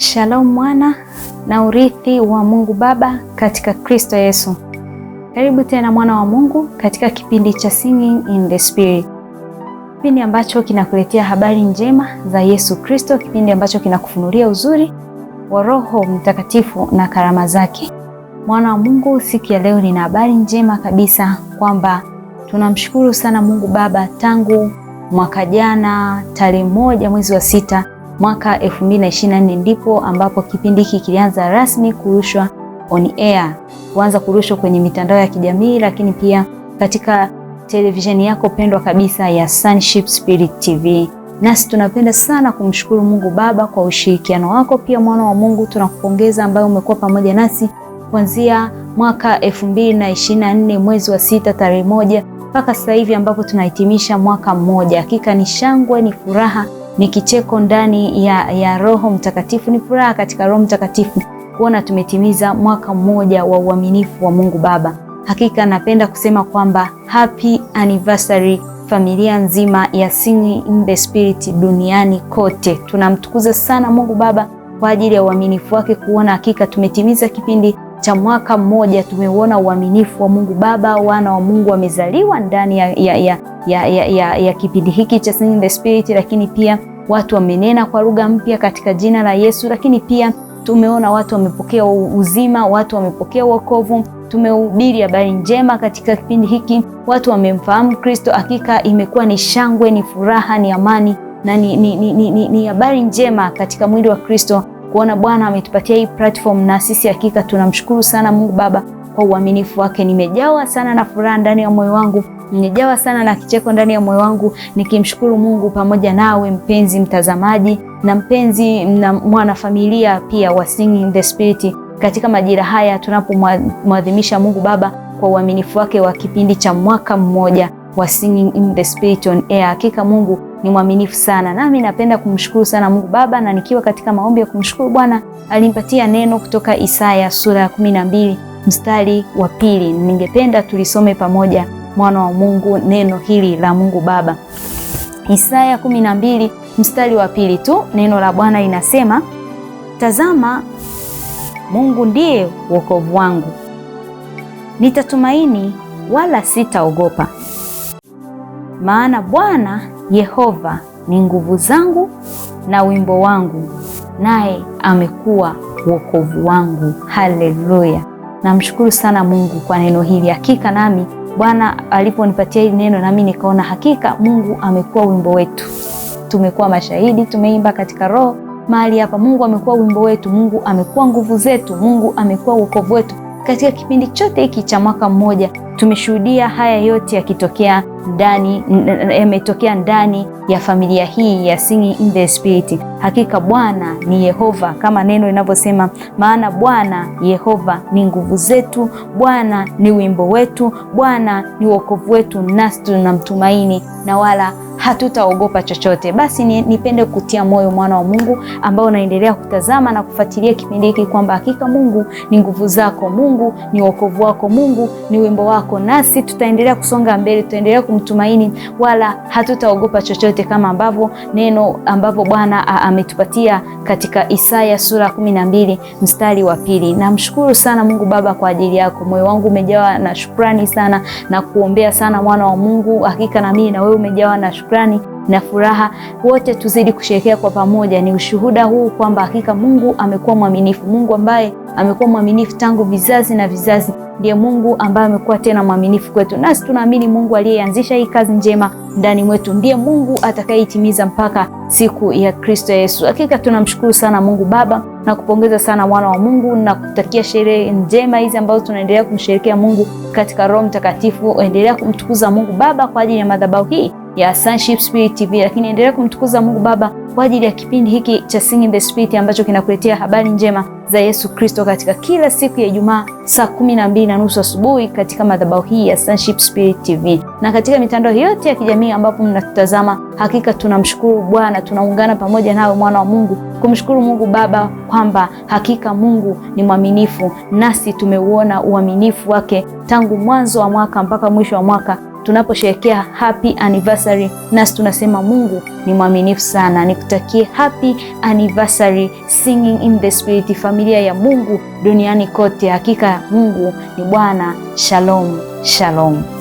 Shalom mwana na urithi wa Mungu Baba katika Kristo Yesu. Karibu tena mwana wa Mungu katika kipindi cha Singing in the Spirit, kipindi ambacho kinakuletea habari njema za Yesu Kristo, kipindi ambacho kinakufunulia uzuri wa Roho Mtakatifu na karama zake. Mwana wa Mungu, siku ya leo nina habari njema kabisa kwamba tunamshukuru sana Mungu Baba tangu mwaka jana tarehe moja mwezi wa sita mwaka 2024 ndipo ambapo kipindi hiki kilianza rasmi kurushwa on air, kuanza kurushwa kwenye mitandao ya kijamii, lakini pia katika televisheni yako pendwa kabisa ya Sonship Spirit TV. Nasi tunapenda sana kumshukuru Mungu Baba kwa ushirikiano wako. Pia mwana wa Mungu, tunakupongeza ambaye umekuwa pamoja nasi kuanzia mwaka 2024 mwezi wa sita tarehe moja mpaka sasa hivi ambapo tunahitimisha mwaka mmoja. Hakika ni shangwe, ni furaha ni kicheko ndani ya, ya Roho Mtakatifu, ni furaha katika Roho Mtakatifu kuona tumetimiza mwaka mmoja wa uaminifu wa Mungu Baba. Hakika napenda kusema kwamba happy anniversary familia nzima ya Singing in the Spirit duniani kote. Tunamtukuza sana Mungu Baba kwa ajili ya uaminifu wake, kuona hakika tumetimiza kipindi cha mwaka mmoja. Tumeuona uaminifu wa Mungu Baba, wana wa Mungu wamezaliwa ndani ya, ya, ya, ya, ya, ya, ya kipindi hiki cha Singing in the Spirit, lakini pia watu wamenena kwa lugha mpya katika jina la Yesu, lakini pia tumeona watu wamepokea uzima, watu wamepokea wokovu, tumehubiri habari njema katika kipindi hiki, watu wamemfahamu Kristo. Hakika imekuwa ni shangwe, ni furaha, ni amani na ni, ni, ni, ni, ni, ni habari njema katika mwili wa Kristo kuona Bwana ametupatia hii platform, na sisi hakika tunamshukuru sana Mungu Baba kwa uaminifu wake. Nimejawa sana na furaha ndani ya moyo wangu Nijawa sana na kicheko ndani ya moyo wangu nikimshukuru Mungu pamoja nawe mpenzi mtazamaji na mpenzi na mwanafamilia pia wa Singing the Spirit katika majira haya tunapomwadhimisha Mungu Baba kwa uaminifu wake wa kipindi cha mwaka mmoja wa Singing in the Spirit on Air. Hakika Mungu ni mwaminifu sana, nami napenda kumshukuru sana Mungu Baba, na nikiwa katika maombi ya kumshukuru Bwana alimpatia neno kutoka Isaya sura ya kumi na mbili mstari wa pili. Ningependa tulisome pamoja mwana wa Mungu, neno hili la Mungu Baba. Isaya 12 mstari wa pili tu neno la Bwana linasema, tazama Mungu ndiye wokovu wangu, nitatumaini wala sitaogopa, maana Bwana Yehova ni nguvu zangu na wimbo wangu, naye amekuwa wokovu wangu. Haleluya! Namshukuru sana Mungu kwa neno hili. Hakika nami Bwana aliponipatia hili neno, nami nikaona hakika Mungu amekuwa wimbo wetu. Tumekuwa mashahidi, tumeimba katika roho mahali hapa. Mungu amekuwa wimbo wetu, Mungu amekuwa nguvu zetu, Mungu amekuwa wokovu wetu. Katika kipindi chote hiki cha mwaka mmoja tumeshuhudia haya yote yakitokea ndani, yametokea ndani ya familia hii ya Singing in the Spirit. Hakika Bwana ni Yehova kama neno linavyosema, maana Bwana Yehova ni nguvu zetu, Bwana ni wimbo wetu, Bwana ni wokovu wetu, nasi tunamtumaini na wala hatutaogopa chochote. Basi nipende ni, kutia moyo mwana wa Mungu ambao unaendelea kutazama na kufuatilia kipindi hiki kwamba hakika Mungu ni nguvu zako, Mungu ni wokovu wako, Mungu ni wimbo wako, nasi tutaendelea kusonga mbele, tutaendelea kumtumaini wala hatutaogopa chochote, kama ambavyo neno ambavyo Bwana ametupatia katika Isaya sura kumi na mbili mstari wa pili. Namshukuru sana Mungu Baba kwa ajili yako, moyo wangu umejawa na shukrani sana na kuombea sana mwana wa Mungu. Hakika na mimi na wewe umejawa na shukrani shukrani na furaha, wote tuzidi kusherehekea kwa pamoja. Ni ushuhuda huu kwamba hakika Mungu amekuwa mwaminifu. Mungu ambaye amekuwa mwaminifu tangu vizazi na vizazi, ndiye Mungu ambaye amekuwa tena mwaminifu kwetu, nasi tunaamini Mungu aliyeanzisha hii kazi njema ndani mwetu ndiye Mungu atakayeitimiza mpaka siku ya Kristo Yesu. Hakika tunamshukuru sana Mungu Baba na kupongeza sana mwana wa Mungu na kutakia sherehe njema hizi ambazo tunaendelea kumsherekea Mungu katika Roho Mtakatifu. Endelea kumtukuza Mungu Baba kwa ajili ya madhabahu hii ya Sonship Spirit TV, lakini endelea kumtukuza Mungu Baba kwa ajili ya kipindi hiki cha Sing in the Spirit ambacho kinakuletea habari njema za Yesu Kristo katika kila siku ya Ijumaa saa kumi na mbili na nusu asubuhi katika madhabahu hii ya Sonship Spirit TV na katika mitandao yote ya kijamii ambapo mnatutazama. Hakika tunamshukuru Bwana, tunaungana pamoja nawe mwana wa Mungu kumshukuru Mungu Baba kwamba hakika Mungu ni mwaminifu, nasi tumeuona uaminifu wake tangu mwanzo wa mwaka mpaka mwisho wa mwaka tunaposherekea happy anniversary, nasi tunasema Mungu ni mwaminifu sana. Nikutakie happy anniversary Singing in the Spirit, familia ya Mungu duniani kote. Hakika Mungu ni Bwana. Shalom, shalom.